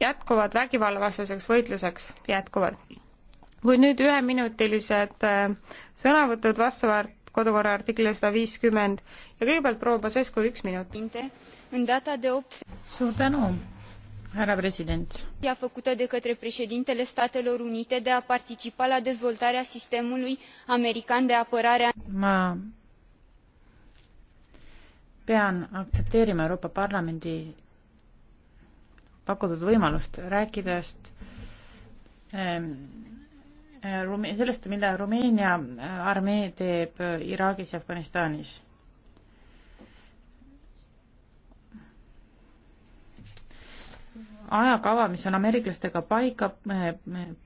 jätkuvad vägivallavastaseks võitluseks, jätkuvad. kui nüüd üheminutilised äh, sõnavõtud vastavalt kodukorra artiklile sada viiskümmend ja kõigepealt proua Pasescu üks minut. suur tänu, härra president. ja făcută de către președintele Statelor Unite de a participa la dezvoltarea sistemului american de apărare ma pean aktsepteerima Euroopa Parlamendi pakutud võimalust rääkidest ähm, äh, sellest, mida Rumeenia äh, armee teeb äh, Iraagis ja Afganistanis. ajakava, mis on ameeriklastega paika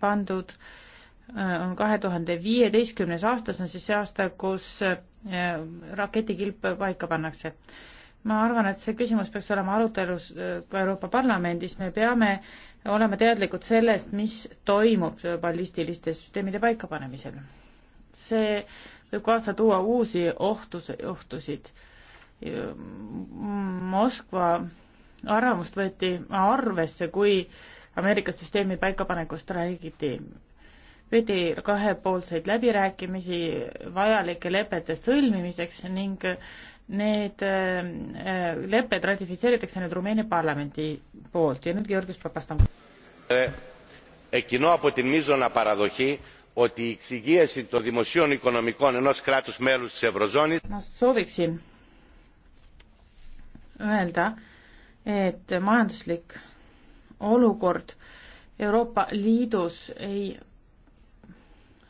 pandud, on kahe tuhande viieteistkümnes aasta, see on siis see aasta, kus raketikilp paika pannakse ma arvan, et see küsimus peaks olema arutelus äh, ka Euroopa Parlamendis, me peame olema teadlikud sellest, mis toimub ballistiliste süsteemide paikapanemisel. see võib kaasa tuua uusi ohtus, ohtusid. Mm, Moskva arvamust võeti arvesse, kui Ameerika süsteemi paikapanekust räägiti. peeti kahepoolseid läbirääkimisi vajalike lepete sõlmimiseks ning Need äh, äh, lepped ratifitseeritakse nüüd Rumeenia parlamendi poolt ja nüüd Georgios Papastamkos. Εκείνο από την μείζωνα παραδοχή ότι η εξυγίαση των δημοσίων οικονομικών ενός κράτους μέλους της Ευρωζώνης Μας sooviksin öelda, et majanduslik olukord Euroopa Liidus ei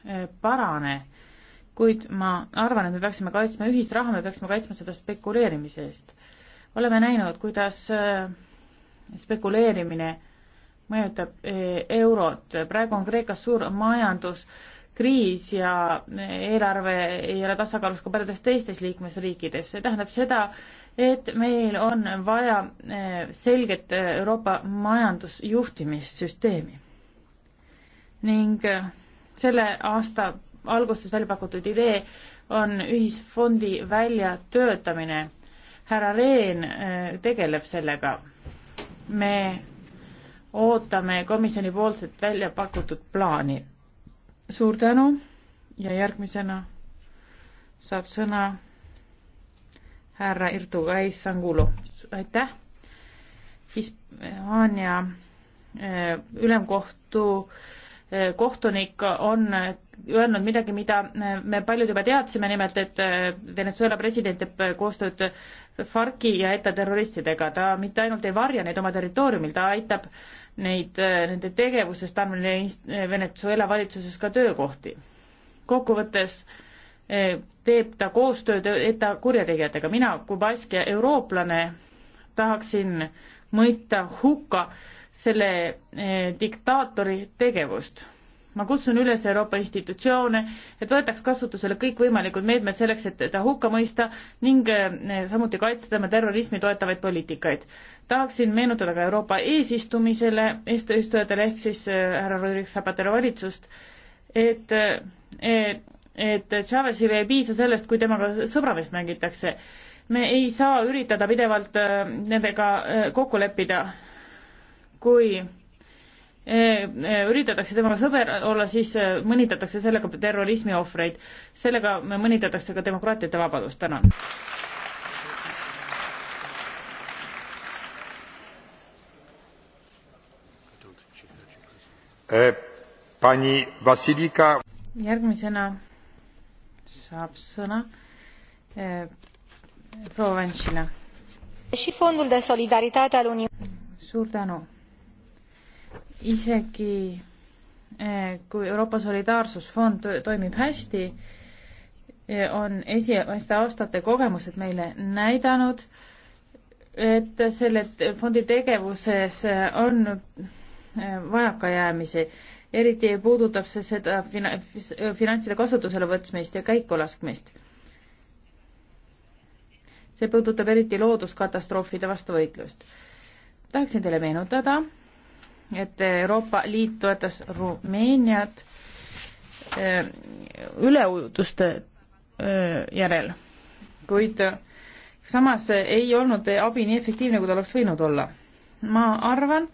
äh, parane kuid ma arvan, et me peaksime kaitsma ühist raha, me peaksime kaitsma seda spekuleerimise eest. oleme näinud, kuidas äh, spekuleerimine mõjutab äh, eurot, praegu on Kreekas suur majanduskriis ja äh, eelarve ei ole tasakaalus ka paljudes teistes liikmesriikides, see tähendab seda, et meil on vaja selget Euroopa majandusjuhtimissüsteemi. ning selle aasta alguses välja pakutud idee on ühisfondi väljatöötamine. härra Rehn äh, tegeleb sellega. me ootame komisjoni poolset välja pakutud plaani. suur tänu ja järgmisena saab sõna härra Irtu Kaisangulu, aitäh. Hispaania äh, ülemkohtu äh, kohtunik on öelnud midagi, mida me paljud juba teadsime, nimelt et Venezuela president teeb koostööd FARC-i ja ETA terroristidega, ta mitte ainult ei varja neid oma territooriumil, ta aitab neid, nende tegevusest andma neile Venezuela valitsuses ka töökohti. kokkuvõttes e, teeb ta koostööd ETA kurjategijatega, mina kui Baskia eurooplane tahaksin mõista hukka äh, selle eh, diktaatori tegevust. ma kutsun üles Euroopa institutsioone, et võetaks kasutusele kõikvõimalikud meetmed selleks, et ta hukka mõista ning eh, samuti kaitsta tema terrorismi toetavaid poliitikaid. tahaksin meenutada ka Euroopa eesistumisele, eesistujatele ehk siis eh, härra Rodriguez Zapatero valitsust, et, et et Chavezile ei piisa sellest, kui temaga sõbrameest mängitakse. me ei saa üritada pidevalt nendega kokku leppida, kui eh, eh, üritatakse tema sõber olla, siis eh, mõnitatakse sellega terrorismi ohvreid. sellega mõnitatakse ka demokraatiat ja vabadust, tänan. Pani Vassilika. järgmisena saab sõna proua Vantsina. suur tänu isegi eh, kui Euroopa Solidaarsusfond toimib hästi, eh, on esimeste aastate kogemused meile näidanud, et selle fondi tegevuses eh, on vajakajäämisi, eriti puudutab see seda fina-, finantside kasutusele võtmist ja käikulaskmist. see puudutab eriti looduskatastroofide vastu võitlust. tahaksin teile meenutada, et Euroopa Liit toetas Rumeeniat eh, üleujutuste eh, järel, kuid eh, samas ei olnud abi nii efektiivne, kui ta oleks võinud olla. ma arvan,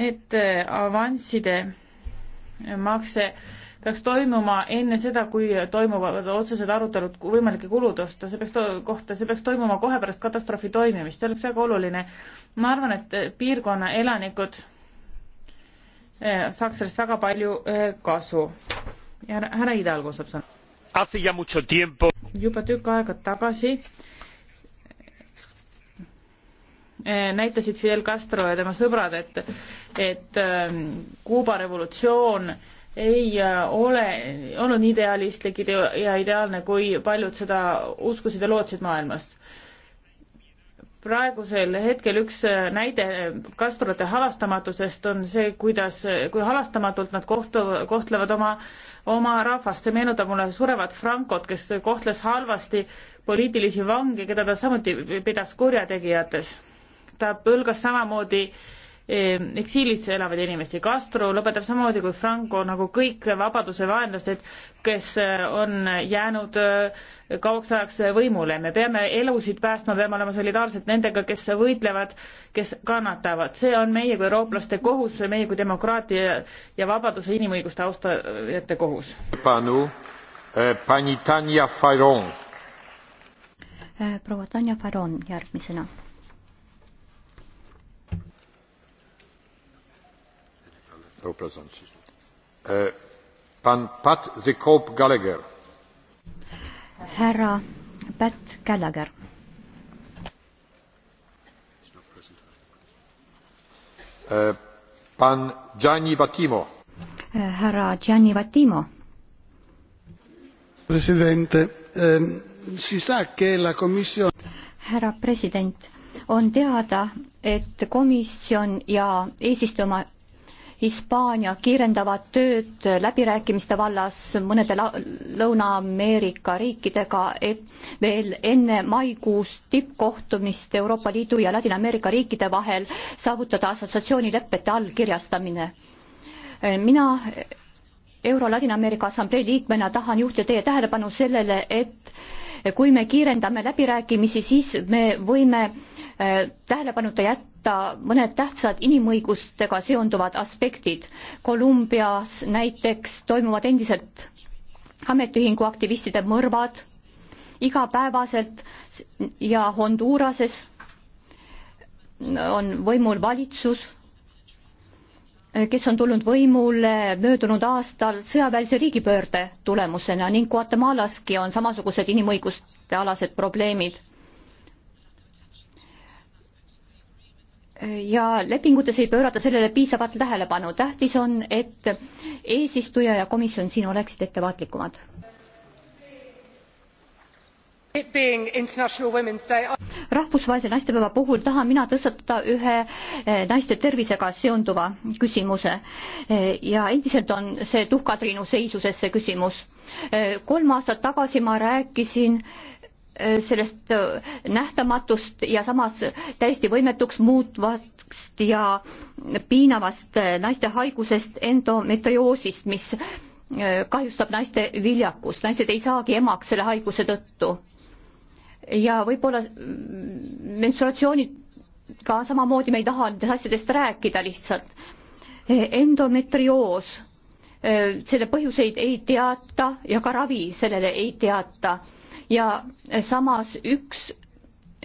et avansside makse peaks toimuma enne seda, kui toimuvad otsesed arutelud võimalike kulude osta, see peaks to-, kohta, see peaks toimuma kohe pärast katastroofi toimimist, see oleks väga oluline. ma arvan, et piirkonna elanikud Eh, saaks sellest väga palju eh, kasu. ja härra Hidalgo saab sõna. juba tükk aega tagasi eh, näitasid Fidel Castro ja tema sõbrad, et, et ehm, Kuuba revolutsioon ei ole olnud idealistlik idea ja ideaalne, kui paljud seda uskusid ja lootsid maailmas praegusel hetkel üks äh, näide äh, kasturite halastamatusest on see, kuidas, äh, kui halastamatult nad kohtu, kohtlevad oma, oma rahvast. see meenutab mulle surevat Frankot, kes kohtles halvasti poliitilisi vange, keda ta samuti pidas kurjategijates. ta põlgas samamoodi äh, Ehm, eksiilis elavaid inimesi. Castro lõpetab samamoodi kui Franco nagu kõik vabaduse vaenlased, kes eh, on jäänud eh, kauaks ajaks võimule. me peame elusid päästma, peame olema solidaarsed nendega, kes võitlevad, kes kannatavad. see on meie kui eurooplaste kohus, see meie kui demokraatia ja vabaduse inimõiguste austajate kohus. panu, eh, pani Tanja Faron. proua Tanja Faron järgmisena oh, present. Uh, pan Pat the Cope Gallagher. härra Pat Gallagher. Uh, pan Gianni Vattimo. E, härra Gianni Vattimo. presidente ehm, si sa che la commissione. härra president on teada, et komisjon ja eesistuma Hispaania kiirendavad tööd läbirääkimiste vallas mõnede Lõuna-Ameerika riikidega, et veel enne maikuus tippkohtumist Euroopa Liidu ja Ladina-Ameerika riikide vahel saavutada assotsiatsioonilepete allkirjastamine. mina Euro Ladina-Ameerika Assamblee liikmena tahan juhtida teie tähelepanu sellele, et kui me kiirendame läbirääkimisi, siis me võime äh, tähelepanuta jätta võtta mõned tähtsad inimõigustega seonduvad aspektid. Kolumbias näiteks toimuvad endiselt ametiühingu aktivistide mõrvad igapäevaselt ja Honduras'es on võimul valitsus, kes on tulnud võimule möödunud aastal sõjaväelise riigipöörde tulemusena ning Guatemalaski on samasugused inimõiguste alased probleemid ja lepingutes ei pöörata sellele piisavat tähelepanu. tähtis on, et eesistuja ja komisjon siin oleksid ettevaatlikumad. rahvusvahelise naistepäeva puhul tahan mina tõstatada ühe eh, naiste tervisega seonduva küsimuse eh, ja endiselt on see tuhkatriinu seisus, see küsimus. Eh, kolm aastat tagasi ma rääkisin äh, Äh, sellest äh, nähtamatust ja samas täiesti võimetuks muutvast ja piinavast äh, naiste haigusest endometrioosist, mis kahjustab naiste viljakust, naised ei saagi emaks selle haiguse tõttu. ja võib-olla mm, mensuratsiooniga samamoodi me ei taha nendest asjadest rääkida lihtsalt. endometrioos, selle põhjuseid ei teata ja ka ravi sellele ei teata ja samas üks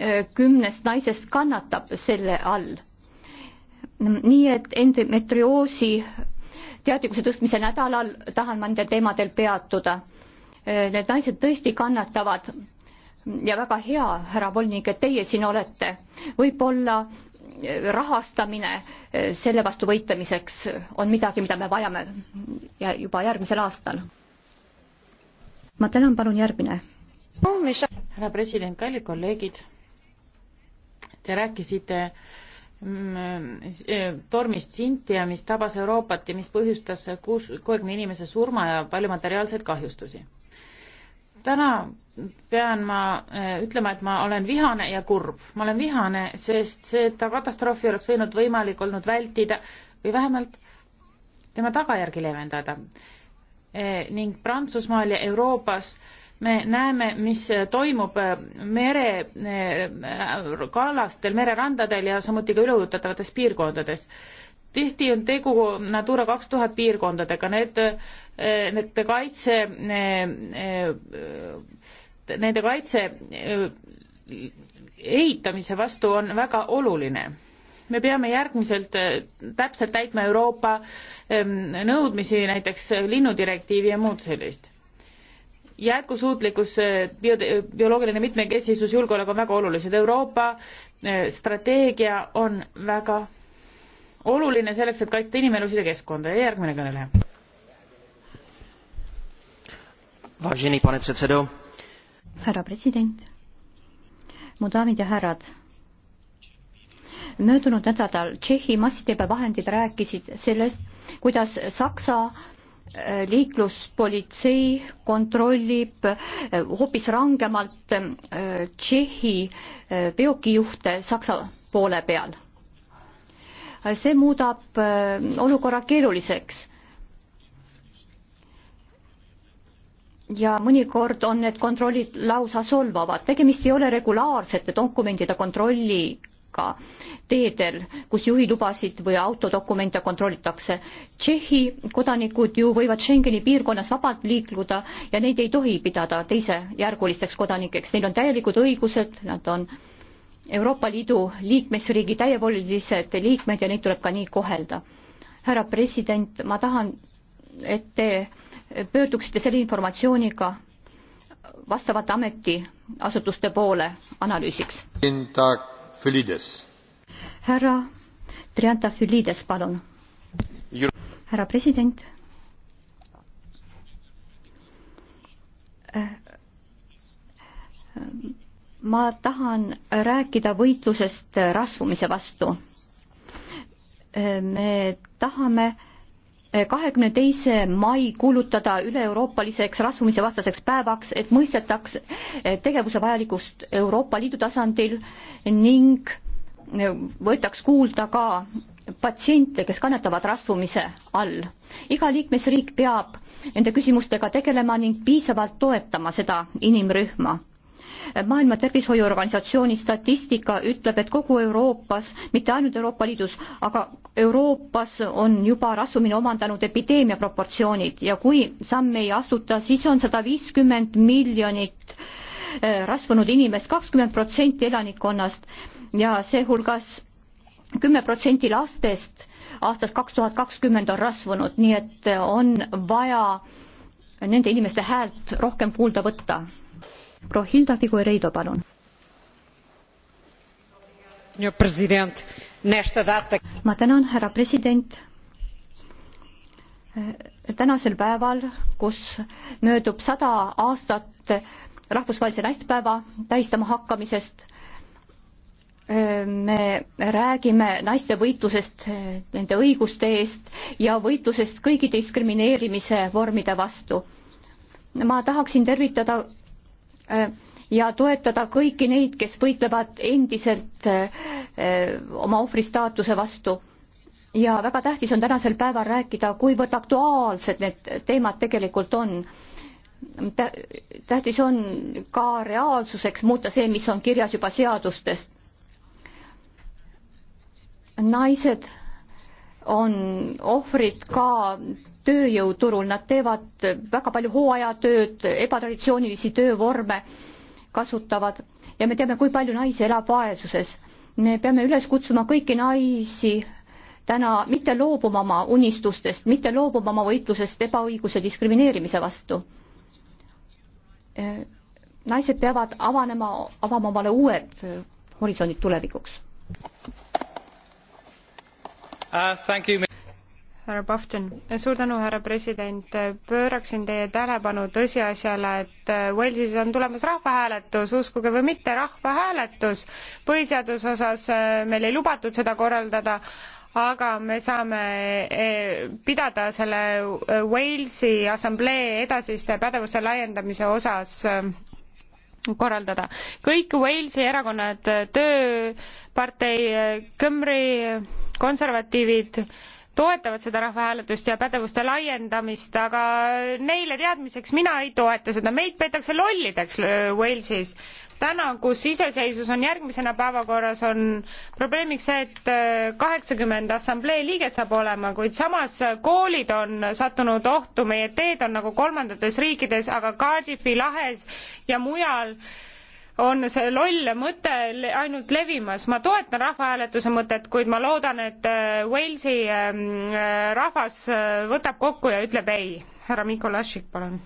äh, kümnest naisest kannatab selle all. nii et endometrioosi teadlikkuse tõstmise nädalal tahan ma nendel teemadel peatuda. Äh, need naised tõesti kannatavad ja väga hea, härra volinik, et teie siin olete. võib-olla äh, rahastamine selle vastu võitlemiseks on midagi, mida me vajame ja juba järgmisel aastal. ma tänan, palun järgmine härra president, kallid kolleegid, te rääkisite mm, eh, tormist Cynthia, mis tabas Euroopat ja mis põhjustas kuus, kuuekümne inimese surma ja palju materiaalseid kahjustusi. täna pean ma eh, ütlema, et ma olen vihane ja kurb. ma olen vihane, sest seda katastroofi oleks võinud võimalik olnud vältida või vähemalt tema tagajärgi leevendada. Eh, ning Prantsusmaal ja Euroopas äh, me näeme, mis toimub mere, kalastel, mererandadel ja samuti ka üleujutatavates piirkondades. tihti on tegu Natura kaks tuhat piirkondadega, need, need kaitse need,, nende kaitse ehitamise vastu on väga oluline me peame järgmiselt täpselt täitma Euroopa ehm, nõudmisi, näiteks linnudirektiivi ja muud sellist jätkusuutlikkus, bio, bioloogiline mitmekesisus, julgeolek on väga olulised. Euroopa eh, strateegia on väga oluline selleks, et kaitsta inimelusid ja keskkonda ja järgmine kõneleja. Vážený pane předsedo. Härra president. Mu daamid ja härrad. Möödunud nädalal Tšehhi massiteabevahendid rääkisid sellest, kuidas Saksa liikluspolitsei kontrollib eh, hoopis rangemalt eh, Tšehhi eh, veokijuhte Saksa poole peal. see muudab olukorra keeruliseks. ja mõnikord on need kontrollid lausa solvavad, tegemist ei ole regulaarsete dokumentide kontrolli Kreeka teedel, kus juhilubasid või autodokumente kontrollitakse. Tšehhi kodanikud ju võivad Schengeni piirkonnas vabalt liikluda ja neid ei tohi pidada teisejärgulisteks kodanikeks, neil on täielikud õigused, nad on Euroopa Liidu liikmesriigi täievolilised liikmed ja neid tuleb ka nii kohelda. härra president, ma tahan, et te pöörduksite selle informatsiooniga vastavate ametiasutuste poole analüüsiks. Fülides. härra Triantafylides, palun. härra president. Äh, ma tahan rääkida võitlusest rasvumise vastu. Äh, me tahame kahekümne teise mai kuulutada üle-euroopaliseks rasvumise vastaseks päevaks, et mõistetaks eh, tegevuse vajalikkust Euroopa Liidu tasandil ning eh, võetaks kuulda ka patsiente, kes kannatavad rasvumise all. iga liikmesriik peab nende küsimustega tegelema ning piisavalt toetama seda inimrühma Maailma Tervishoiuorganisatsiooni statistika ütleb, et kogu Euroopas, mitte ainult Euroopa Liidus, aga Euroopas on juba rasvumine omandanud epideemia proportsioonid ja kui samme ei astuta, siis on sada viiskümmend miljonit äh, rasvunud inimest, kakskümmend protsenti elanikkonnast ja seehulgas kümme protsenti lastest aastast kaks tuhat kakskümmend on rasvunud, nii et on vaja nende inimeste häält rohkem kuulda võtta Prohilda Figueiredo, palun. ma tänan, härra president eh, tänasel päeval, kus möödub sada aastat rahvusvahelise naistepäeva tähistama hakkamisest, eh, me räägime naiste võitlusest eh, nende õiguste eest ja võitlusest kõigi diskrimineerimise vormide vastu. ma tahaksin tervitada Äh, ja toetada kõiki neid, kes võitlevad endiselt äh, oma ohvristaatuse vastu. ja väga tähtis on tänasel päeval rääkida, kuivõrd aktuaalsed need teemad tegelikult on. tähtis on ka reaalsuseks muuta see, mis on kirjas juba seadustest. naised on ohvrid ka tööjõuturul, nad teevad väga palju hooajatööd, ebatraditsioonilisi töövorme kasutavad ja me teame, kui palju naisi elab vaesuses. me peame üles kutsuma kõiki naisi täna mitte loobuma oma unistustest, mitte loobuma oma võitlusest ebaõiguse diskrimineerimise vastu. naised peavad avanema, avama omale uued horisondid tulevikuks uh, härra Pafton, suur tänu, härra president, pööraksin teie tähelepanu tõsiasjale, et äh, Walesis on tulemas rahvahääletus, uskuge või mitte, rahvahääletus. põhiseaduse osas äh, meil ei lubatud seda korraldada, aga me saame äh, pidada selle Walesi assamblee edasiste pädevuste laiendamise osas korraldada. kõik Walesi erakonnad, Tööpartei, Kõmri, konservatiivid, toetavad seda rahvahääletust ja pädevuste laiendamist, aga neile teadmiseks mina ei toeta seda, meid peetakse lollideks äh, Walesis. täna, kus iseseisvus on järgmisena päevakorras, on probleemiks see, et äh, kaheksakümmend assamblee liiget saab olema, kuid samas äh, koolid on sattunud ohtu, meie teed on nagu kolmandates riikides, aga Cardiffi lahes ja mujal äh, on see loll mõte ainult levimas. ma toetan rahvahääletuse mõtet, kuid ma loodan, et äh, Walesi ähm, äh, rahvas äh, võtab kokku ja ütleb ei. härra Mikolašik, palun.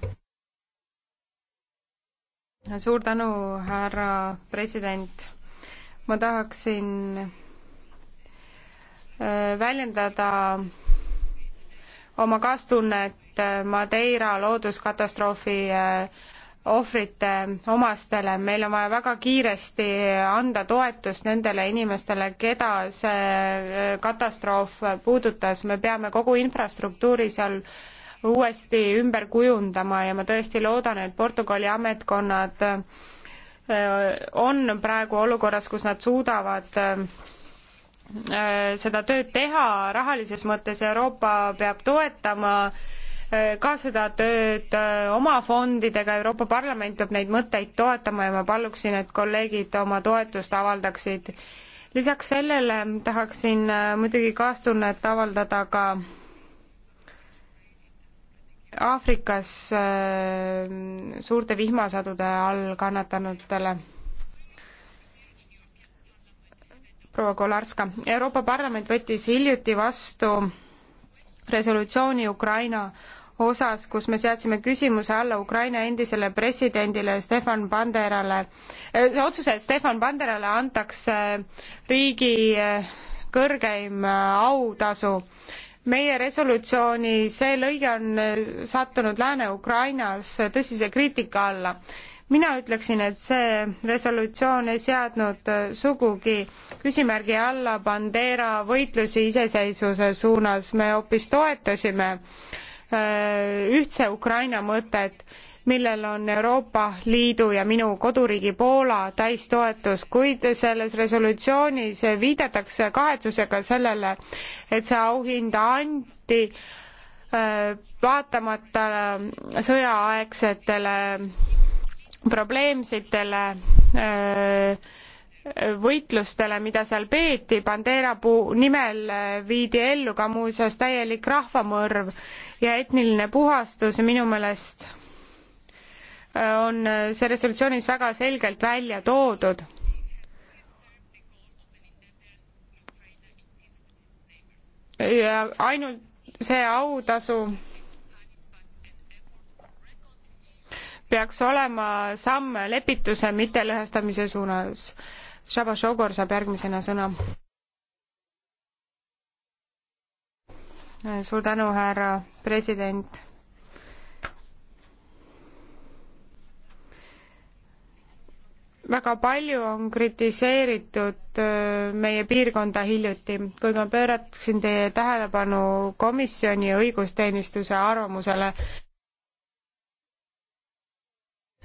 suur tänu, härra president. ma tahaksin väljendada oma kaastunnet Madeira looduskatastroofi ohvrite omastele, meil on vaja väga kiiresti anda toetust nendele inimestele, keda see äh, katastroof puudutas, me peame kogu infrastruktuuri seal uuesti ümber kujundama ja ma tõesti loodan, et Portugali ametkonnad äh, on praegu olukorras, kus nad suudavad äh, seda tööd teha, rahalises mõttes Euroopa peab toetama Äh, ka seda tööd äh, oma fondidega, Euroopa Parlament peab neid mõtteid toetama ja ma paluksin, et kolleegid oma toetust avaldaksid. lisaks sellele tahaksin äh, muidugi kaastunnet avaldada ka Aafrikas suurte vihmasadude all kannatanutele proua Kolarska. Euroopa Parlament võttis hiljuti vastu resolutsiooni Ukraina osas, kus me seadsime küsimuse alla Ukraina endisele presidendile Stefan Banderale, see äh, otsuse, et Stefan Banderale antakse riigi äh, kõrgeim äh, autasu meie resolutsiooni see lõige on sattunud Lääne-Ukrainas tõsise kriitika alla. mina ütleksin, et see resolutsioon ei seadnud sugugi küsimärgi alla Bandera võitlusi iseseisvuse suunas, me hoopis toetasime äh, ühtse Ukraina mõtet millel on Euroopa Liidu ja minu koduriigi Poola täistoetus, kuid selles resolutsioonis viidatakse kahetsusega sellele, et see auhind anti äh, vaatamata äh, sõjaaegsetele probleemsetele äh, võitlustele, mida seal peeti, Bandera puu nimel viidi ellu ka muuseas täielik rahvamõrv ja etniline puhastus minu meelest on see resolutsioonis väga selgelt välja toodud. ja ainult see autasu peaks olema samm lepituse mittelõhestamise suunas. Shaba Shogor saab järgmisena sõna. suur tänu, härra president väga palju on kritiseeritud äh, meie piirkonda hiljuti, kuid ma pöörataksin teie tähelepanu komisjoni ja õigusteenistuse arvamusele.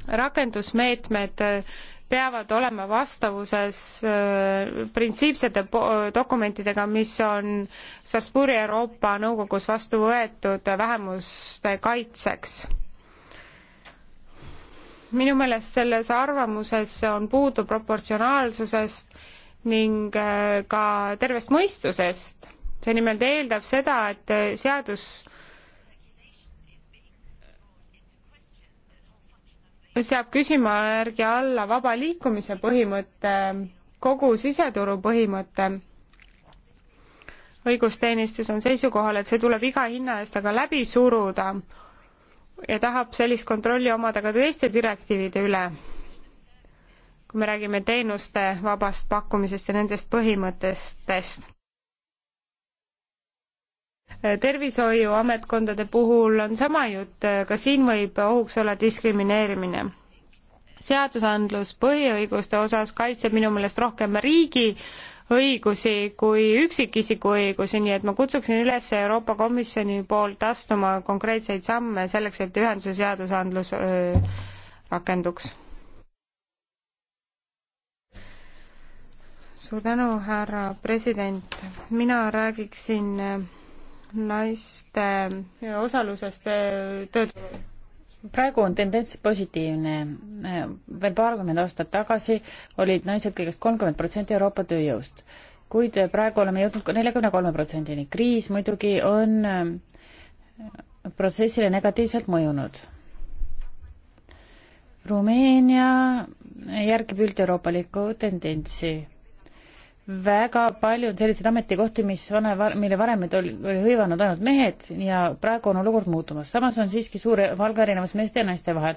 rakendusmeetmed äh, peavad olema vastavuses äh, printsiipsete dokumentidega, mis on Strasbourgi Euroopa Nõukogus vastu võetud vähemuste kaitseks minu meelest selles arvamuses on puudu proportsionaalsusest ning äh, ka tervest mõistusest. see nimelt eeldab seda, et äh, seadus seab küsimärgi alla vaba liikumise põhimõte, kogu siseturu põhimõte. õigusteenistus on seisukohal, et see tuleb iga hinna eest aga läbi suruda ja tahab sellist kontrolli omada ka teiste direktiivide üle, kui me räägime teenuste vabast pakkumisest ja nendest põhimõtetest. tervishoiuametkondade puhul on sama jutt, ka siin võib ohuks olla diskrimineerimine seadusandlus põhiõiguste osas kaitseb minu meelest rohkem riigi õigusi kui üksikisiku õigusi, nii et ma kutsuksin üles Euroopa Komisjoni poolt astuma konkreetseid samme selleks, et ühenduse seadusandlus öö, rakenduks. suur tänu, härra president. mina räägiksin äh, naiste osalusest tööturul praegu on tendents positiivne. Äh, veel paarkümmend aastat tagasi olid naised kõigest kolmkümmend protsenti Euroopa tööjõust, kuid praegu oleme jõudnud ka neljakümne kolme protsendini. kriis muidugi on äh, protsessile negatiivselt mõjunud. Rumeenia järgib üld-euroopalikku tendentsi väga palju on selliseid ametikohti, mis vana, mille varem oli, oli hõivanud ainult mehed ja praegu on olukord muutumas. samas on siiski suur palgaerinevus meeste ja naiste vahel.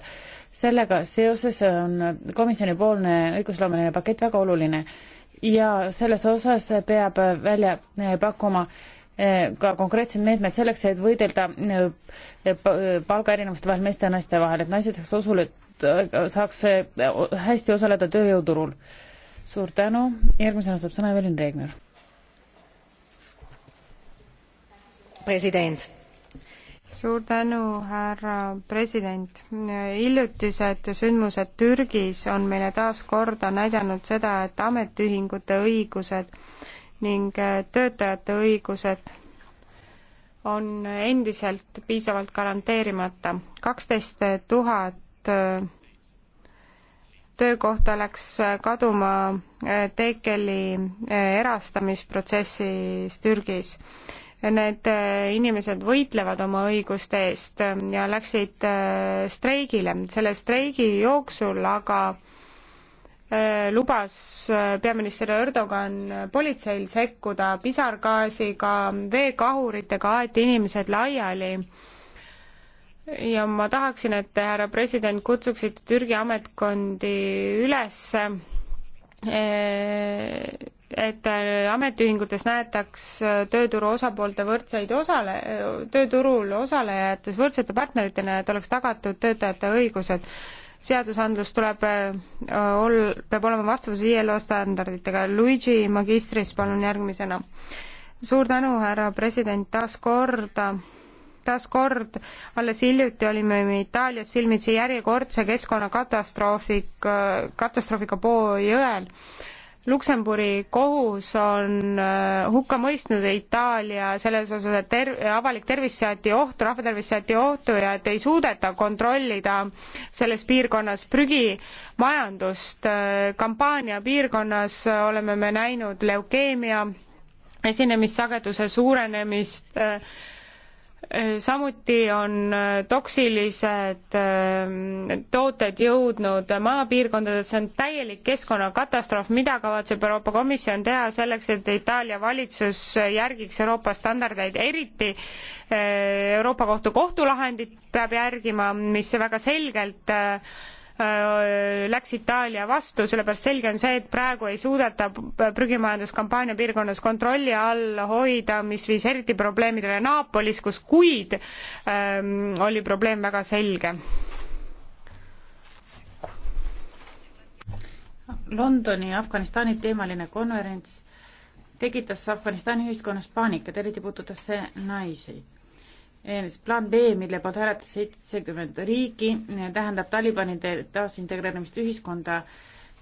sellega seoses on komisjonipoolne õigusloomeline pakett väga oluline ja selles osas peab välja eh, pakkuma eh, ka konkreetsed meetmed selleks, et võidelda eh, palgaerinevuste vahel meeste ja naiste vahel, et naised saaks osule, saaks hästi osaleda tööjõuturul suur tänu, järgmisena saab sõna Evelyn Regner. president suur tänu, härra president. hiljutised sündmused Türgis on meile taas korda näidanud seda, et ametiühingute õigused ning töötajate õigused on endiselt piisavalt garanteerimata. kaksteist tuhat töökohta läks kaduma äh, Tekeli äh, erastamisprotsessis Türgis. Need äh, inimesed võitlevad oma õiguste eest ja läksid streigile. selle streigi jooksul aga lubas peaminister Erdogan politseil sekkuda pisargaasiga, veekahuritega aeti inimesed laiali ja ma tahaksin, et te, härra president, kutsuksite Türgi ametkondi üles, eh, et äh, ametiühingutes näetaks äh, tööturu osapoolte võrdseid osale, tööturul osalejates võrdsete partneritena, et oleks tagatud töötajate õigused. seadusandlus tuleb äh, ol-, peab olema vastavuses ILO standarditega. Luigi Magistris, palun järgmisena. suur tänu, härra president, taas korda taaskord alles hiljuti olime me Itaalias silmitsi järjekordse keskkonnakatastroofiga, katastroofiga Poo jõel. Luksemburi kohus on äh, hukka mõistnud Itaalia selles osas, et ter-, avalik tervis seati ohtu, rahvatervis seati ohtu ja et ei suudeta kontrollida selles piirkonnas prügimajandust. Äh, kampaania piirkonnas oleme me näinud leukeemia esinemissageduse suurenemist äh,, samuti on äh, toksilised ähm, tooted jõudnud maapiirkondadesse, see on täielik keskkonnakatastroof, mida kavatseb Euroopa Komisjon teha selleks, et Itaalia valitsus järgiks Euroopa standardeid, eriti äh, Euroopa Kohtu kohtulahendit peab järgima, mis väga selgelt äh, Äh, läks Itaalia vastu, sellepärast selge on see, et praegu ei suudeta prügimajanduskampaania piirkonnas kontrolli all hoida, mis viis eriti probleemidele Naapolis, kus kuid ähm, oli probleem väga selge. Londoni Afganistani teemaline konverents tekitas Afganistani ühiskonnas paanikat, eriti puudutas see naisi plaan B, mille poolt hääletas seitsekümmend riiki, tähendab Talibanide taasintegreerimist ühiskonda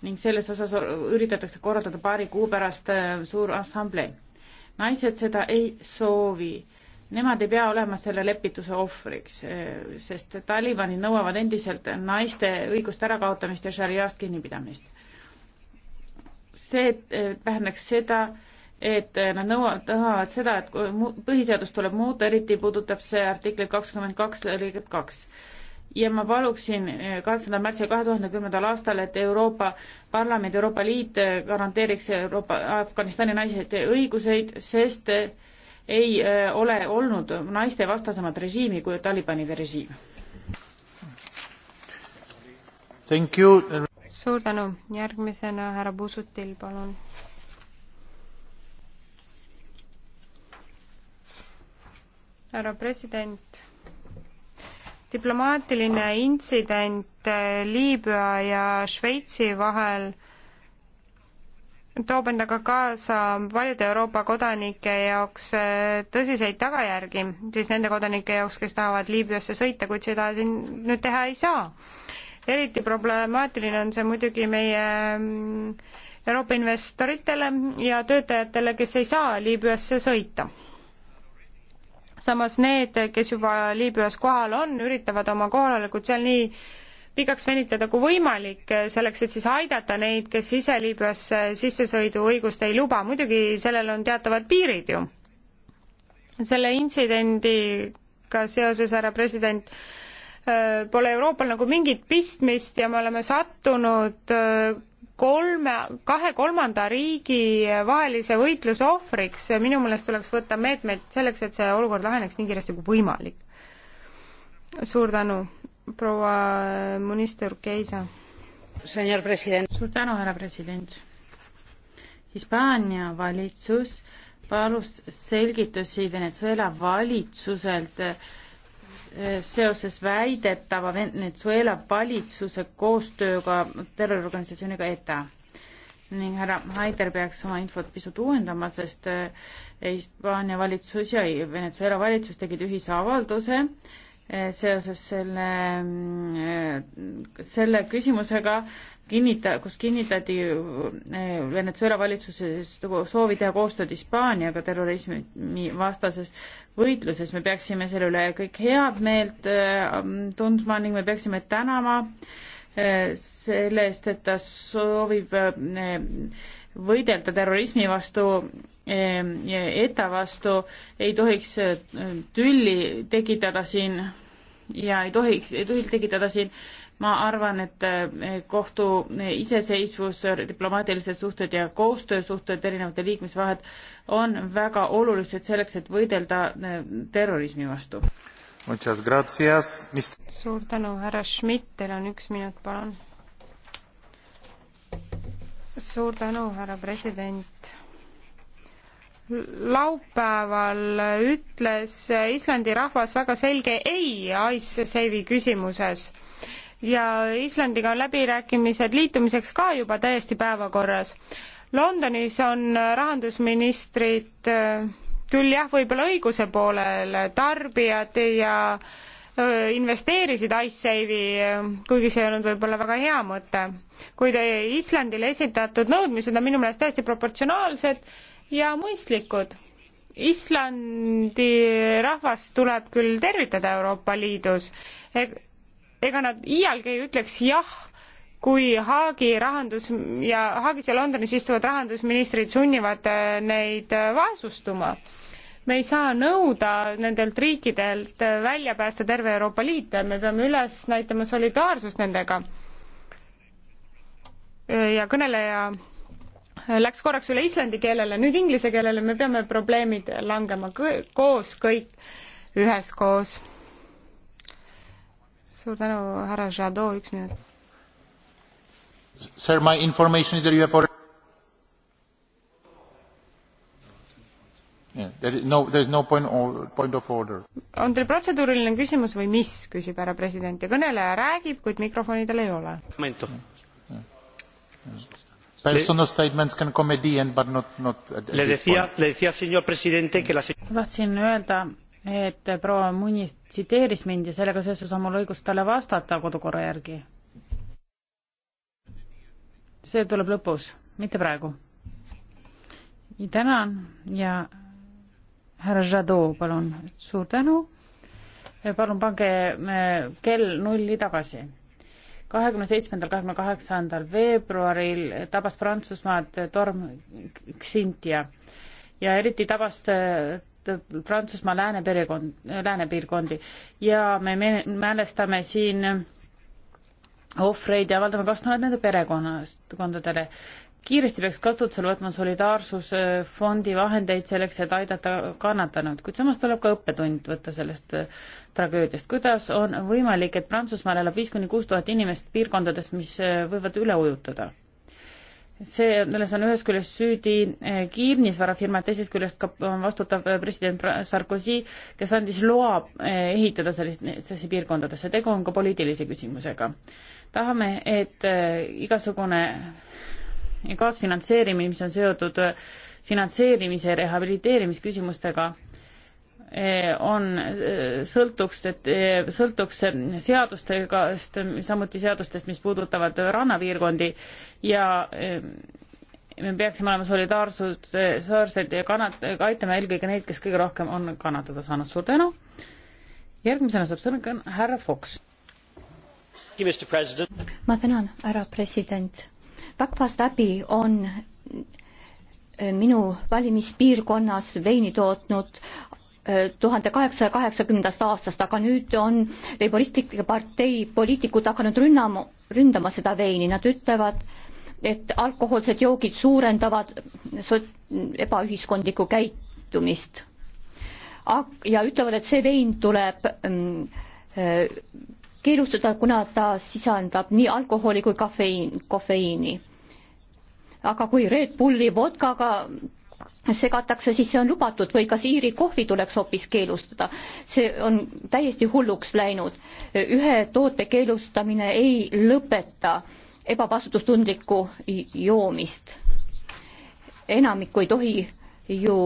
ning selles osas üritatakse korraldada paari kuu pärast äh, suur assamblee. naised seda ei soovi. Nemad ei pea olema selle lepituse ohvriks, äh, sest Talibanid nõuavad endiselt naiste õiguste ärakaotamist ja šariaast kinnipidamist. see äh, tähendaks seda, et nad nõuavad, tahavad seda, et põhiseadust tuleb muuta, eriti puudutab see artiklit kakskümmend kaks lõiget kaks. ja ma paluksin eh, kaheksandal märtsil kahe tuhande kümnendal aastal, et Euroopa Parlament, Euroopa Liit eh, garanteeriks Euroopa, Afganistani naised õiguseid, sest eh, ei ole olnud naistevastasemat režiimi kui Talibanide režiim. suur tänu, järgmisena härra Pusutil, palun härra president, diplomaatiline intsident äh, Liibüa ja Šveitsi vahel toob endaga kaasa paljude Euroopa kodanike jaoks äh, tõsiseid tagajärgi, siis nende kodanike jaoks, kes tahavad Liibüasse sõita, kuid seda siin nüüd teha ei saa. eriti problemaatiline on see muidugi meie mm, Euroopa investoritele ja töötajatele, kes ei saa Liibüasse sõita samas need, kes juba Liibüas kohal on, üritavad oma kohalolekut seal nii pikaks venitada kui võimalik, selleks et siis aidata neid, kes ise Liibüasse sissesõiduõigust ei luba, muidugi sellel on teatavad piirid ju. selle intsidendiga seoses, härra president, äh, pole Euroopal nagu mingit pistmist ja me oleme sattunud äh, kolme, kahe kolmanda riigi vahelise võitluse ohvriks, minu meelest tuleks võtta meetmeid selleks, et see olukord laheneks nii kiiresti kui võimalik. suur tänu, proua minister Keisa. suur tänu, härra president. Hispaania valitsus palus selgitusi Venezuela valitsuselt äh, seoses väidetava Venezuela valitsuse koostööga terroriorganisatsiooniga ETA. ning härra Haider peaks oma infot pisut uuendama, sest äh, Hispaania valitsus ja Venezuela valitsus tegid ühise avalduse, Eh, seoses selle, mm, eh, selle küsimusega kinnita-, kus kinnitati eh, Venezuela valitsuse soovi teha koostööd Hispaaniaga terrorismi vastases võitluses. me peaksime selle üle kõik head meelt mm, tundma ning me peaksime tänama selle eest, et ta soovib mm, võidelda terrorismi vastu Ehm, ETA vastu, ei tohiks äh, tülli tekitada siin ja ei tohiks, ei tohi tekitada siin ma arvan, et äh, kohtu iseseisvus, diplomaatilised suhted ja koostöösuhted erinevate liikmesriikide vahel on väga olulised selleks, et võidelda äh, terrorismi vastu. Mist... suur tänu, härra Schmidt, teil on üks minut, palun. suur tänu, härra president laupäeval ütles Islandi rahvas väga selge ei Ice Save'i küsimuses ja Islandiga on läbirääkimised liitumiseks ka juba täiesti päevakorras. Londonis on rahandusministrid äh, küll jah, võib-olla õiguse poolel, tarbijad ja äh, investeerisid Icesave'i, äh, kuigi see ei olnud võib-olla väga hea mõte. kuid Islandile esitatud nõudmised on minu meelest täiesti proportsionaalsed ja mõistlikud. Islandi rahvast tuleb küll tervitada Euroopa Liidus, e-, ega nad iialgi ei ütleks jah, kui Haagi rahandus ja Haagis ja Londonis istuvad rahandusministrid sunnivad äh, neid äh, vaesustuma. me ei saa nõuda nendelt riikidelt äh, välja päästa terve Euroopa Liit, me peame üles näitama solidaarsust nendega. ja kõneleja läks korraks üle islandi keelele, nüüd inglise keelele, me peame probleemid langema kõ koos kõik, üheskoos. suur tänu, härra Jadot, üks minut. Sir, my information is that you have already Yeah, there is no, there is no point, point of order. on teil protseduuriline küsimus või mis, küsib härra president ja kõneleja räägib, kuid mikrofoni tal ei ole. Yeah. Yeah le decía señor presidente que la tahtsin öelda et proua Muniz tsiteeris mind ja sellega seoses on mul õigus talle vastata kodukorra järgi. see tuleb lõpus, mitte praegu. tänan ja härra Jadot, palun, suur tänu. palun pange eh, kell nulli tagasi kahekümne seitsmendal, kahekümne kaheksandal veebruaril tabas Prantsusmaad torm Xintia ja eriti tabas Prantsusmaa läänepiirkond, läänepiirkondi ja me mälestame siin ohvreid ja avaldame kaastunnet nende perekonnast, kondadele kiiresti peaks kasutusele võtma solidaarsusfondi vahendeid selleks, et aidata kannatanuid, kuid samas tuleb ka õppetund võtta sellest äh, tragöödiast. kuidas on võimalik, et Prantsusmaal elab viis kuni kuus tuhat inimest piirkondades, mis äh, võivad üle ujutada? see, milles on ühest küljest süüdi äh, kiirnisvarafirma, teisest küljest ka vastutav president Sarkozy, kes andis loa ehitada sellistesse piirkondadesse, tegu on ka poliitilise küsimusega. tahame, et igasugune kaasfinantseerimine, mis on seotud äh, finantseerimise ja rehabiliteerimisküsimustega, äh, on, äh, sõltuks, et sõltuks seadustega, samuti seadustest, mis puudutavad rannapiirkondi ja me peaksime olema solidaarsed, solidaarsed ja kannat-, aitama eelkõige neid, kes kõige rohkem on kannatada saanud. suur tänu. järgmisena saab sõna härra Fox. ma tänan, härra president Pakvastabi on äh, minu valimispiirkonnas veini tootnud äh, tuhande kaheksasaja kaheksakümnendast aastast, aga nüüd on laboristlik partei poliitikud hakanud rünnama, ründama seda veini, nad ütlevad, et alkohoolsed joogid suurendavad ebaühiskondlikku käitumist. ja ütlevad, et see vein tuleb mm, äh, keelustada, kuna ta sisaldab nii alkoholi kui kafeiin, kofeiini aga kui Red Bulli vodkaga segatakse, siis see on lubatud või kas Iiri kohvi tuleks hoopis keelustada. see on täiesti hulluks läinud. ühe toote keelustamine ei lõpeta ebavastutustundlikku joomist. enamikku ei tohi ju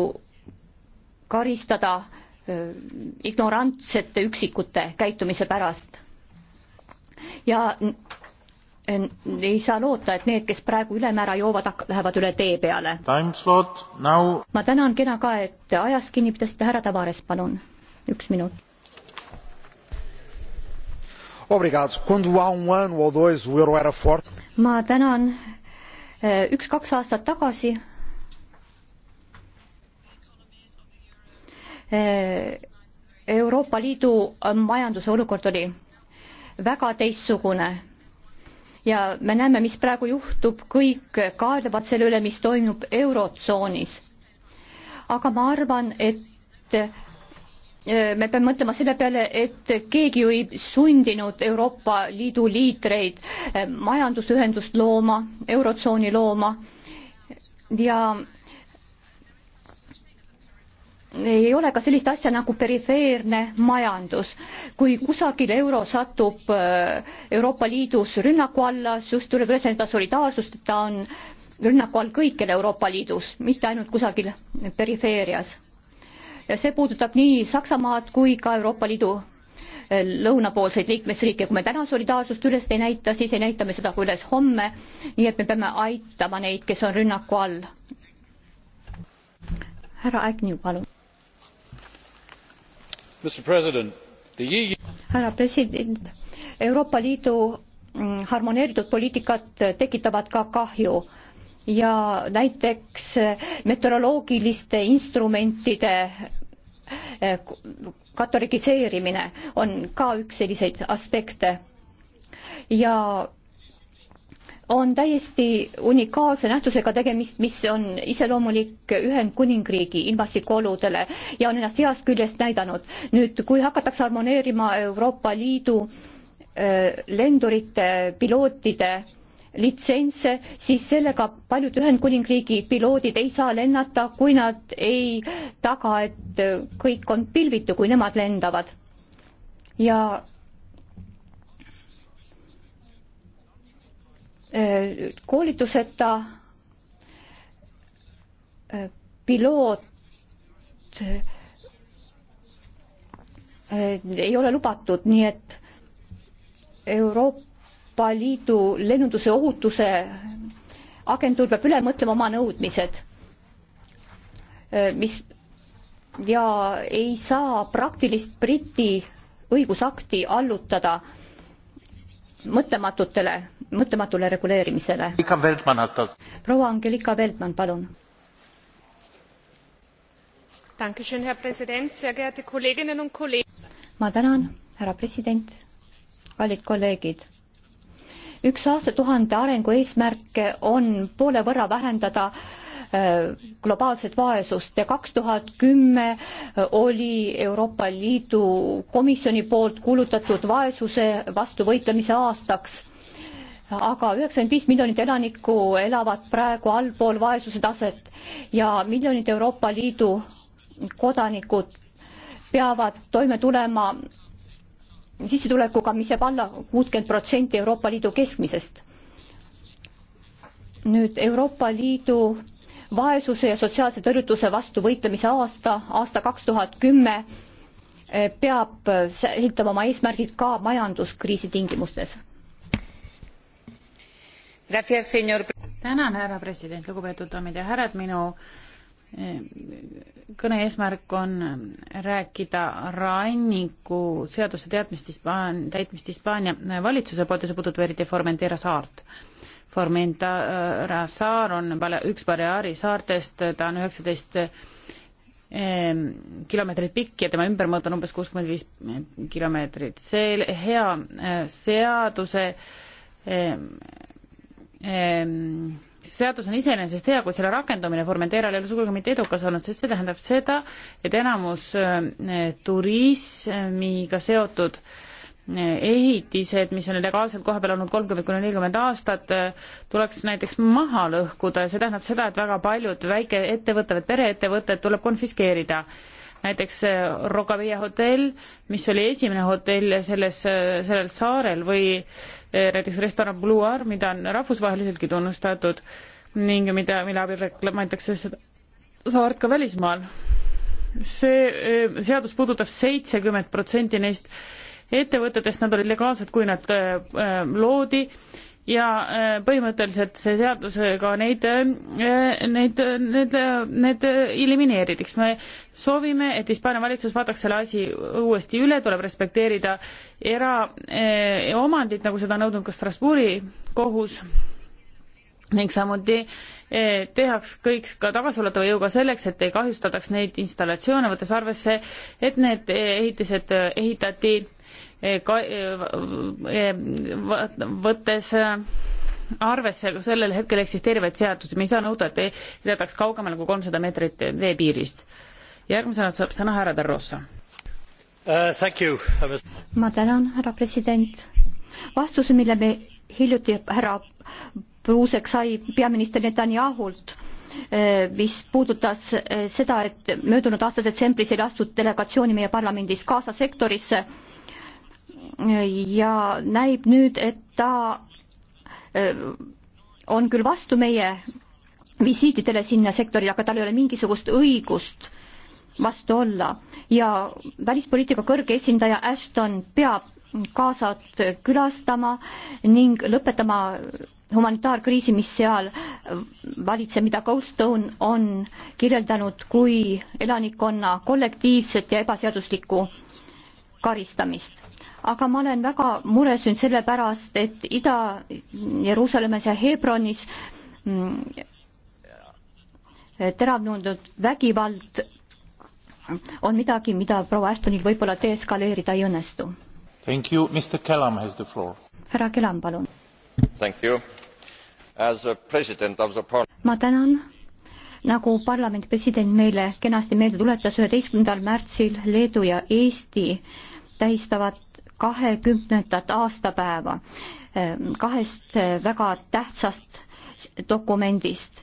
karistada ignorantsete üksikute käitumise pärast. ja ei saa loota, et need, kes praegu ülemäära joovad, lähevad üle tee peale. ma tänan kena ka, et ajast kinni pidasite, härra Tavares, palun, üks minut. Um ma tänan, eh, üks-kaks aastat tagasi eh, Euroopa Liidu majanduse olukord oli väga teistsugune ja me näeme, mis praegu juhtub, kõik kaardavad selle üle, mis toimub Eurotsoonis. aga ma arvan, et eh, me peame mõtlema selle peale, et keegi ju ei sundinud Euroopa Liidu liidreid eh, majandusühendust looma, Eurotsooni looma ja ei ole ka sellist asja nagu perifeerne majandus. kui kusagil euro satub äh, Euroopa Liidus rünnaku alla, siis tuleb üles enda solidaarsust, et ta on rünnaku all kõikjal Euroopa Liidus, mitte ainult kusagil perifeerias. ja see puudutab nii Saksamaad kui ka Euroopa Liidu äh, lõunapoolseid liikmesriike, kui me täna solidaarsust üles ei näita, siis ei näita me seda ka üles homme, nii et me peame aitama neid, kes on rünnaku all. härra Agnew, palun. E härra president, Euroopa Liidu mm, harmoneeritud poliitikad tekitavad ka kahju ja näiteks eh, meteoroloogiliste instrumentide eh, kategoriseerimine on ka üks selliseid aspekte ja on täiesti unikaalse nähtusega tegemist, mis on iseloomulik Ühendkuningriigi ilmastikuoludele ja on ennast heast küljest näidanud. nüüd, kui hakatakse harmoneerima Euroopa Liidu äh, lendurite, pilootide litsentse, siis sellega paljud Ühendkuningriigi piloodid ei saa lennata, kui nad ei taga, et kõik on pilvitu, kui nemad lendavad. ja Äh, koolituseta äh, piloot äh, ei ole lubatud, nii et Euroopa Liidu lennunduse ohutuse agentuur peab üle mõtlema oma nõudmised, mis ja ei saa praktilist Briti õigusakti allutada äh, mõtlematutele, mõtlematule reguleerimisele. proua Angelika Veltmann, palun. ma tänan, härra president, kallid kolleegid üks aastatuhande arengu eesmärke on poole võrra vähendada äh, globaalset vaesust ja kaks tuhat kümme oli Euroopa Liidu komisjoni poolt kuulutatud vaesuse vastu võitlemise aastaks aga üheksakümmend viis miljonit elanikku elavad praegu allpool vaesuse taset ja miljonid Euroopa Liidu kodanikud peavad toime tulema sissetulekuga, mis jääb alla kuutkümmend protsenti Euroopa Liidu keskmisest. nüüd Euroopa Liidu vaesuse ja sotsiaalse tõrjutuse vastu võitlemise aasta, aasta kaks tuhat kümme, eh, peab eh, ehitama oma eesmärgid ka majanduskriisi tingimustes. tänan, härra president, lugupeetud daamid ja härrad, minu eh, kõne eesmärk on rääkida ranniku seaduse teadmist Hispaan-, täitmist Hispaania valitsuse poolt ja see puudutab eriti Formentera saart Formentara saar on üks Baleari saartest, ta on üheksateist ehm, kilomeetrit pikk ja tema ümbermõõt on umbes kuuskümmend viis kilomeetrit. see hea eh, seaduse, ehm, ehm, seadus on iseenesest hea, kuid selle rakendamine Formenteral ei ole sugugi mitte edukas olnud, sest see tähendab seda, et enamus eh, turismiga seotud äh, ehitised, mis on legaalselt kohapeal olnud kolmkümmend kuni nelikümmend aastat, tuleks näiteks maha lõhkuda ja see tähendab seda, et väga paljud väikeettevõtted, pereettevõtted tuleb konfiskeerida. näiteks äh, Rocavia hotell, mis oli esimene hotell selles, äh, sellel saarel või äh, näiteks restoran Blue Arm, mida on rahvusvaheliseltki tunnustatud ning mida, mille abil reklaamitakse seda saart ka välismaal. see seadus puudutab seitsekümmend protsenti neist ettevõtetest, nad olid legaalsed, kui nad äh, äh, loodi ja äh, põhimõtteliselt see seadusega neid, neid, need, need elimineeritakse. me soovime, et Hispaania valitsus vaataks selle asi uuesti üle, tuleb respekteerida eraomandit eh,, nagu seda on nõudnud ka Strasbourgi kohus ning samuti eh, tehaks kõik ka tagasiulatava jõuga selleks, et ei kahjustataks neid installatsioone, võttes arvesse, et need ehitised ehitati E, e, e, võttes äh, arvesse sellel hetkel eksisteerivaid seadusi, me ei saa nõuda, et pidetaks kaugemale kui kolmsada meetrit veepiirist. järgmisena saab sõna härra Tarrossa uh,. uh ma tänan, härra president. vastuse, mille me hiljuti härra Pruusek sai peaminister Netanyahult, uh, mis puudutas uh, seda, et möödunud aasta detsembris ei lastud delegatsiooni meie parlamendis Gaza sektorisse ja näib nüüd, et ta äh, on küll vastu meie visiitidele sinna sektorile, aga tal ei ole mingisugust õigust vastu olla ja välispoliitika kõrge esindaja Ashton peab Gazat külastama ning lõpetama humanitaarkriisi, mis seal valitseb, mida Goldstone on kirjeldanud kui elanikkonna kollektiivset ja ebaseaduslikku karistamist aga ma olen väga mures nüüd sellepärast, et Ida-Jeruusalemmas ja Hebronis mm, teravnenud vägivald on midagi, mida proua Astonil võib-olla deeskaleerida ei õnnestu. härra Kelam, palun. ma tänan nagu parlamendi president meile kenasti meelde tuletas, üheteistkümnendal märtsil Leedu ja Eesti tähistavad kahekümnendat aastapäeva kahest väga tähtsast dokumendist.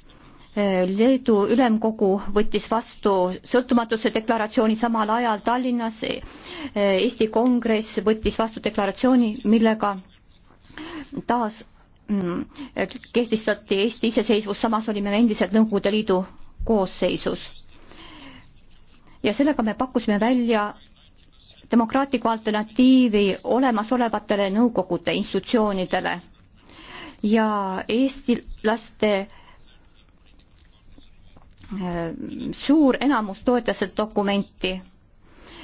Leedu ülemkogu võttis vastu sõltumatuse deklaratsiooni samal ajal Tallinnas. Eesti Kongress võttis vastu deklaratsiooni, millega taas mm, kehtestati Eesti iseseisvus, samas olime me endiselt Nõukogude Liidu koosseisus. ja sellega me pakkusime välja demokraatlikku alternatiivi olemasolevatele nõukogude institutsioonidele ja eestlaste äh, suur enamus toetas seda dokumenti.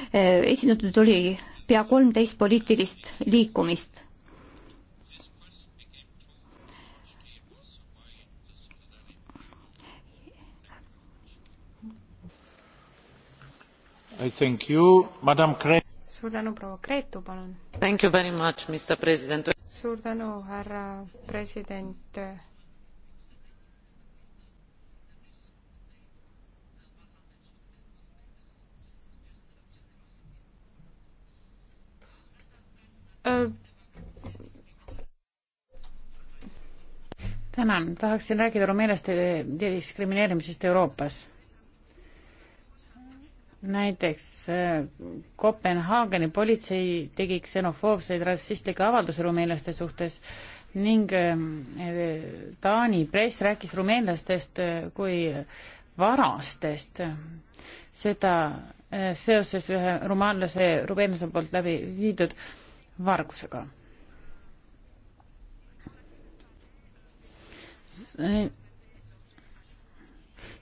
Äh, esindatud oli pea kolmteist poliitilist liikumist. I thank you, madam Kre- suur tänu, proua Gretu, palun. Thank you very much, Mr President. suur tänu, härra president. tänan, tahaksin rääkida Rumeeniast diskrimineerimisest Euroopas näiteks äh, Kopenhaageni politsei tegi ksenofoobseid rassistlikke avaldusi rumeenlaste suhtes ning ähm, äh, Taani press rääkis rumeenlastest äh, kui varastest. seda seoses ühe rumaanlase, rumeenlase poolt läbi viidud vargusega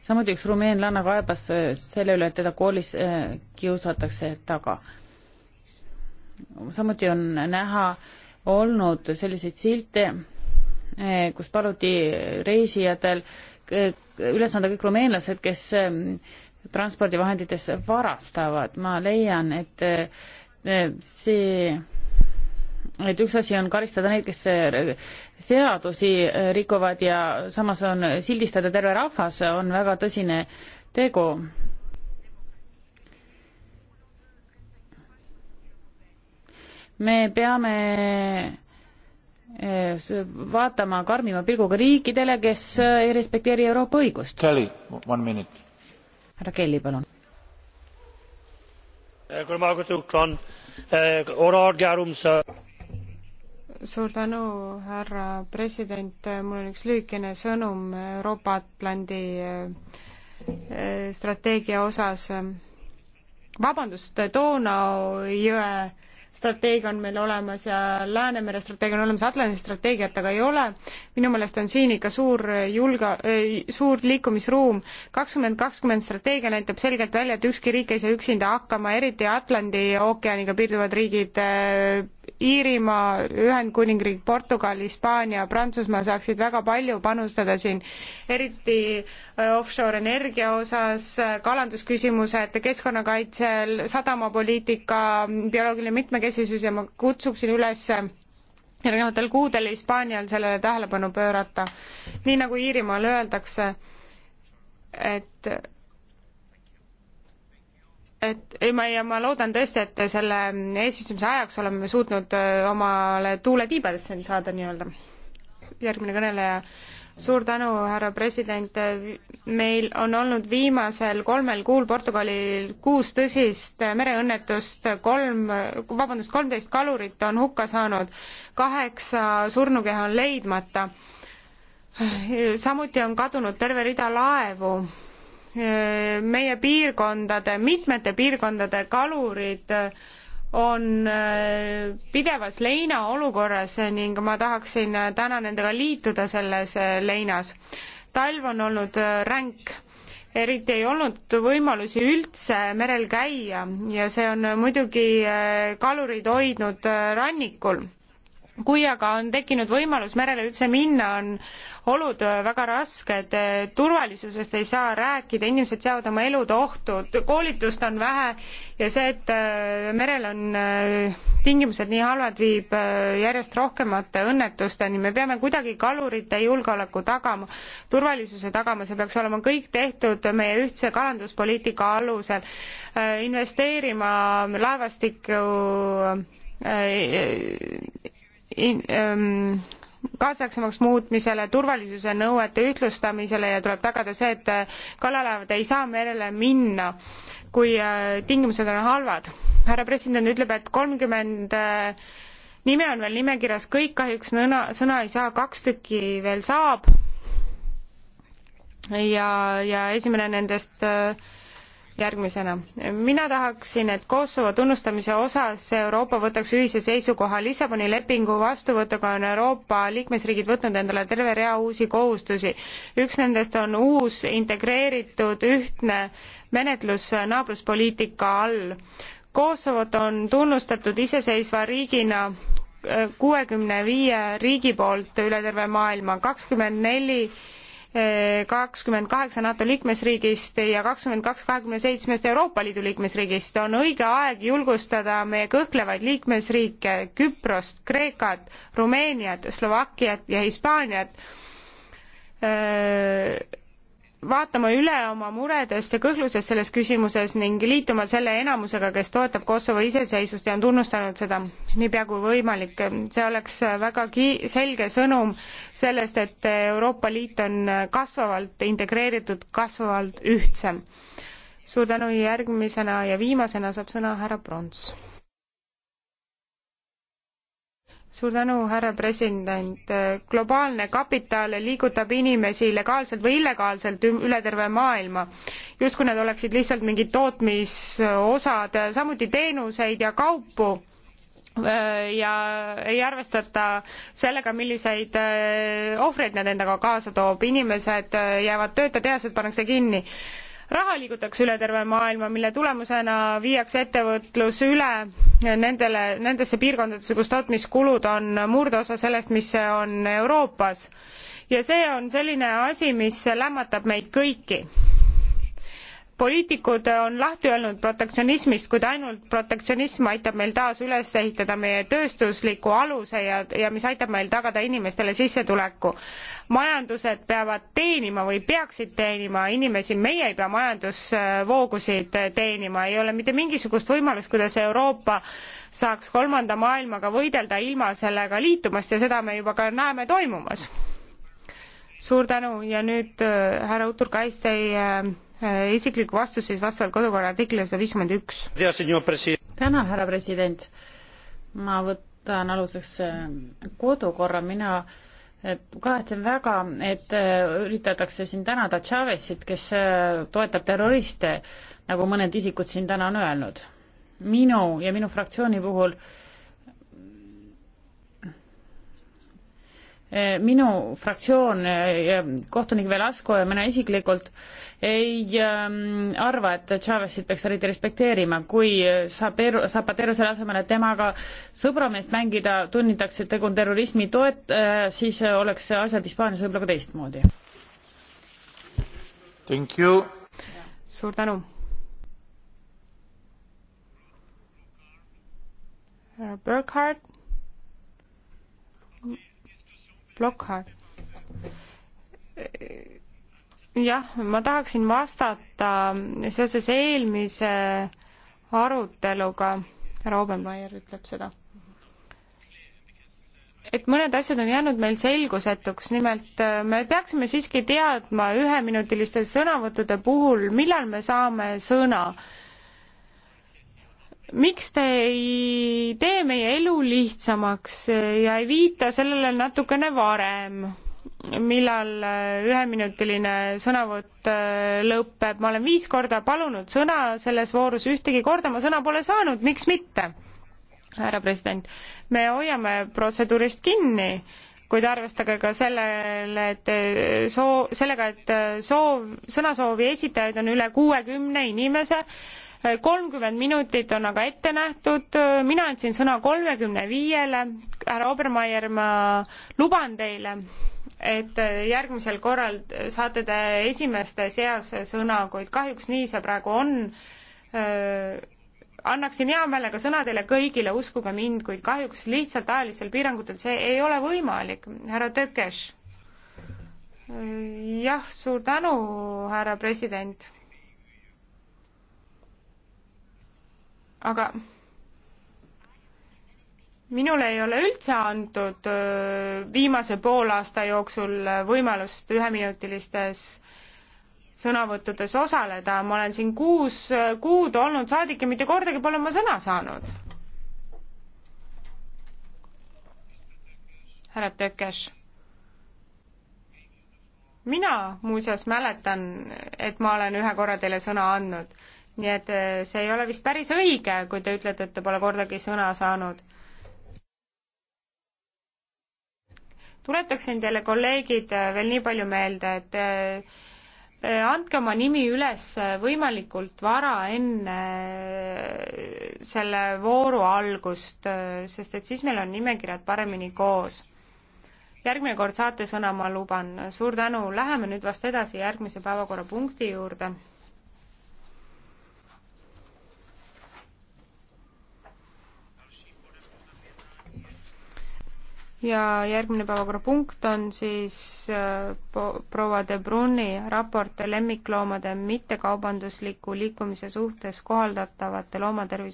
samuti üks rumeenlanna kaebas äh, selle üle, et teda koolis äh, kiusatakse taga. samuti on näha olnud selliseid silte, äh, kus paluti reisijatel üles anda kõik rumeenlased, kes transpordivahendites varastavad. ma leian, et see et üks asi on karistada neid, kes seadusi rikuvad ja samas on sildistada terve rahvas, on väga tõsine tegu. me peame eh, vaatama karmima pilguga riikidele, kes ei respekteeri Euroopa õigust. Kelly, one minute. härra Kelly, palun. Eh, suur tänu, härra president, mul on üks lühikene sõnum Euroopa-Atlandi eh, strateegia osas. vabandust, Donau jõe strateegia on meil olemas ja Läänemere strateegia on olemas, Atlandi strateegiat aga ei ole. minu meelest on siin ikka suur julge-, eh, suur liikumisruum. kakskümmend kakskümmend strateegia näitab selgelt välja, et ükski riik ei saa üksinda hakkama, eriti Atlandi ookeaniga piirduvad riigid eh, Iirimaa, Ühendkuningriik, Portugal, Hispaania, Prantsusmaa saaksid väga palju panustada siin, eriti äh, offshore energia osas, äh, kalandusküsimused, keskkonnakaitsel, sadamapoliitika, bioloogiline mitmekesisus ja ma kutsuksin üles järgnevatel kuudel Hispaanial sellele tähelepanu pöörata. nii nagu Iirimaal öeldakse, et et ei, ma ei, ma loodan tõesti, et selle eesistumise ajaks oleme suutnud äh, omale tuule tiibadesse saada nii-öelda. järgmine kõneleja. suur tänu, härra president. meil on olnud viimasel kolmel kuul Portugalil kuus tõsist mereõnnetust, kolm, vabandust, kolmteist kalurit on hukka saanud, kaheksa surnukeha on leidmata. samuti on kadunud terve rida laevu meie piirkondade, mitmete piirkondade kalurid on äh, pidevas leinaolukorras ning ma tahaksin äh, täna nendega liituda selles äh, leinas. talv on olnud ränk, eriti ei olnud võimalusi üldse merel käia ja see on muidugi kalurid hoidnud rannikul kui aga on tekkinud võimalus merele üldse minna, on olud äh, väga rasked, äh, turvalisusest ei saa rääkida, inimesed seavad oma elud ohtu, koolitust on vähe ja see, et äh, merel on tingimused nii halvad, viib järjest rohkemate õnnetusteni. me peame kuidagi kalurite julgeoleku tagama, turvalisuse tagama, see peaks olema kõik tehtud meie ühtse kalanduspoliitika alusel, investeerima laevastiku in, ähm, kaasaegsemaks muutmisele, turvalisuse nõuete ühtlustamisele ja tuleb tagada see, et äh, kalalaevad ei saa merele minna, kui äh, tingimused on halvad. härra president ütleb, et kolmkümmend äh, nime on veel nimekirjas, kõik kahjuks nõna, sõna ei saa, kaks tükki veel saab. ja, ja esimene nendest äh, järgmisena. mina tahaksin, et Kosovo tunnustamise osas Euroopa võtaks ühise seisukoha. Lissaboni lepingu vastuvõtuga on Euroopa liikmesriigid võtnud endale terve rea uusi kohustusi. üks nendest on uus integreeritud ühtne menetlus naabruspoliitika all. Kosovot on tunnustatud iseseisva riigina äh, kuuekümne viie riigi poolt üle terve maailma, kakskümmend neli kakskümmend kaheksa NATO liikmesriigist ja kakskümmend kaks kahekümne seitsmest Euroopa Liidu liikmesriigist. on õige aeg julgustada meie kõhklevaid liikmesriike Küprost, Kreekat, Rumeeniat, Slovakkiat ja Hispaaniat öö, äh, vaatama üle oma muredest ja kõhklusest selles küsimuses ning liituma selle enamusega, kes toetab Kosovo iseseisvust ja on tunnustanud seda niipea kui võimalik. see oleks väga ki-, selge sõnum sellest, et Euroopa Liit on kasvavalt integreeritud, kasvavalt ühtsem. suur tänu, järgmisena ja viimasena saab sõna härra Prons suur tänu, härra president. globaalne kapital liigutab inimesi legaalselt või illegaalselt üle terve maailma, justkui nad oleksid lihtsalt mingid tootmisosad, samuti teenuseid ja kaupu äh, ja ei arvestata sellega, milliseid äh, ohvreid nad endaga kaasa toob, inimesed äh, jäävad tööta, tehased pannakse kinni raha liigutakse üle terve maailma, mille tulemusena viiakse ettevõtlus üle nendele, nendesse piirkondadesse, kus tootmiskulud on murdosa sellest, mis on Euroopas. ja see on selline asi, mis lämmatab meid kõiki poliitikud on lahti öelnud protektsionismist, kuid ainult protektsionism aitab meil taas üles ehitada meie tööstusliku aluse ja, ja mis aitab meil tagada inimestele sissetuleku. majandused peavad teenima või peaksid teenima inimesi, meie ei pea majandusvoogusid äh, teenima, ei ole mitte mingisugust võimalust, kuidas Euroopa saaks kolmanda maailmaga võidelda ilma sellega liitumast ja seda me juba ka näeme toimumas suur tänu ja nüüd äh, härra Utur Kais, teie äh, Äh, isiklik vastus siis vastavalt kodukorra artiklile sada viiskümmend üks. tänan, härra president. ma võtan aluseks äh, kodukorra, mina äh, kahetsen väga, et üritatakse siin tänada Chavezit, kes toetab terroriste, nagu mõned isikud siin täna on öelnud. minu ja minu fraktsiooni puhul äh, Eh, minu fraktsioon eh, ja kohtunik Velasco ja mina isiklikult ei ehm, arva, et Chavezit peaks eriti respekteerima, kui Zapatero, eh, Zapatero selle asemel, et temaga sõbrameest mängida, tunnitakse, et tegu on terrorismi toet-, siis oleks asjad Hispaanias võib-olla ka teistmoodi. Thank you. suur tänu. härra Burkhardt Blockhart. jah, ma tahaksin vastata seoses eelmise aruteluga, härra Obenmaier ütleb seda, et mõned asjad on jäänud meil selgusetuks, nimelt me peaksime siiski teadma üheminutiliste sõnavõttude puhul, millal me saame sõna miks te ei tee meie elu lihtsamaks ja ei viita sellele natukene varem, millal äh, üheminutiline sõnavõtt äh, lõpeb, ma olen viis korda palunud sõna selles voorus, ühtegi korda ma sõna pole saanud, miks mitte? härra president, me hoiame protseduurist kinni, kuid arvestage ka sellele, et äh, soo-, sellega, et soov, sõnasoovi esitajaid on üle kuuekümne inimese, kolmkümmend minutit on aga ette nähtud, mina andsin sõna kolmekümne viiele, härra Obermeier, ma luban teile, et järgmisel korral saate te esimeste seas sõna, kuid kahjuks nii see praegu on. Äh, annaksin hea meelega sõna teile kõigile, uskuge mind, kuid kahjuks lihtsalt ajalistel piirangutel see ei ole võimalik. härra Tökes. Äh, jah, suur tänu, härra president aga minule ei ole üldse antud viimase poolaasta jooksul võimalust üheminutilistes sõnavõttudes osaleda, ma olen siin kuus kuud olnud saadik ja mitte kordagi pole ma sõna saanud. härra Tökes. mina muuseas mäletan, et ma olen ühe korra teile sõna andnud nii et äh, see ei ole vist päris õige, kui te ütlete, et te pole kordagi sõna saanud. tuletaksin teile, kolleegid, äh, veel nii palju meelde, et äh, andke oma nimi üles võimalikult vara enne selle vooru algust, sest et siis meil on nimekirjad paremini koos. järgmine kord saate sõna, ma luban. suur tänu, läheme nüüd vast edasi järgmise päevakorrapunkti juurde ja järgmine päevakorrapunkt on siis äh, proua De Bruni raport lemmikloomade mittekaubandusliku liikumise suhtes kohaldatavate loomatervise